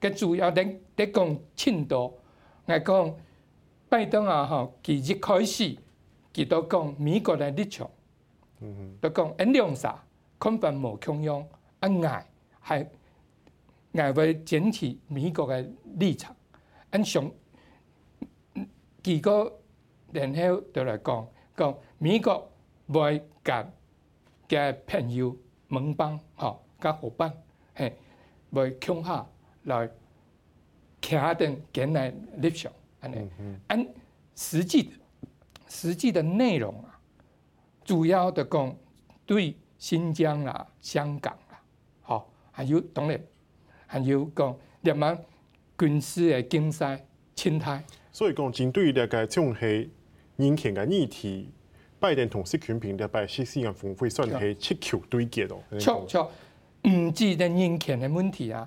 嘅主要，你你講簽到，我講拜登啊，嗬，佢一開始，佢都講美國嘅立場，嗯，都講安兩啥，根本冇強硬，一捱係捱為堅持美國嘅立場，安上幾個然後就嚟講，講美國會夾嘅朋友盟邦嗬，加夥伴，係會強下。來站，其他的給來立想，安尼、嗯哼，安實際實際的內容啊，主要的講對新疆啦、啊、香港啦、啊，好還有，當然、嗯、還有講你們軍事的競賽、心態。所以講，針對這個種係人權嘅議題，拜登同習近平咧，拜習視訊嘅峰會算係七球對決咯。錯錯像，唔只的人權嘅問題啊。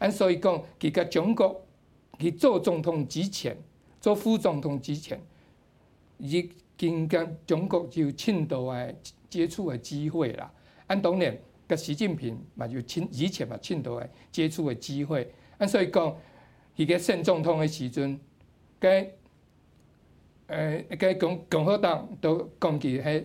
咁所以講，佢甲中國去做總統之前，做副總統之前，已經甲中國就親到嘅接觸嘅機會啦。咁當然，甲習近平嘛就以前嘛，親到嘅接觸嘅機會。咁所以講，佢嘅新總統嘅時陣，佢誒佢共共和黨都講佢迄。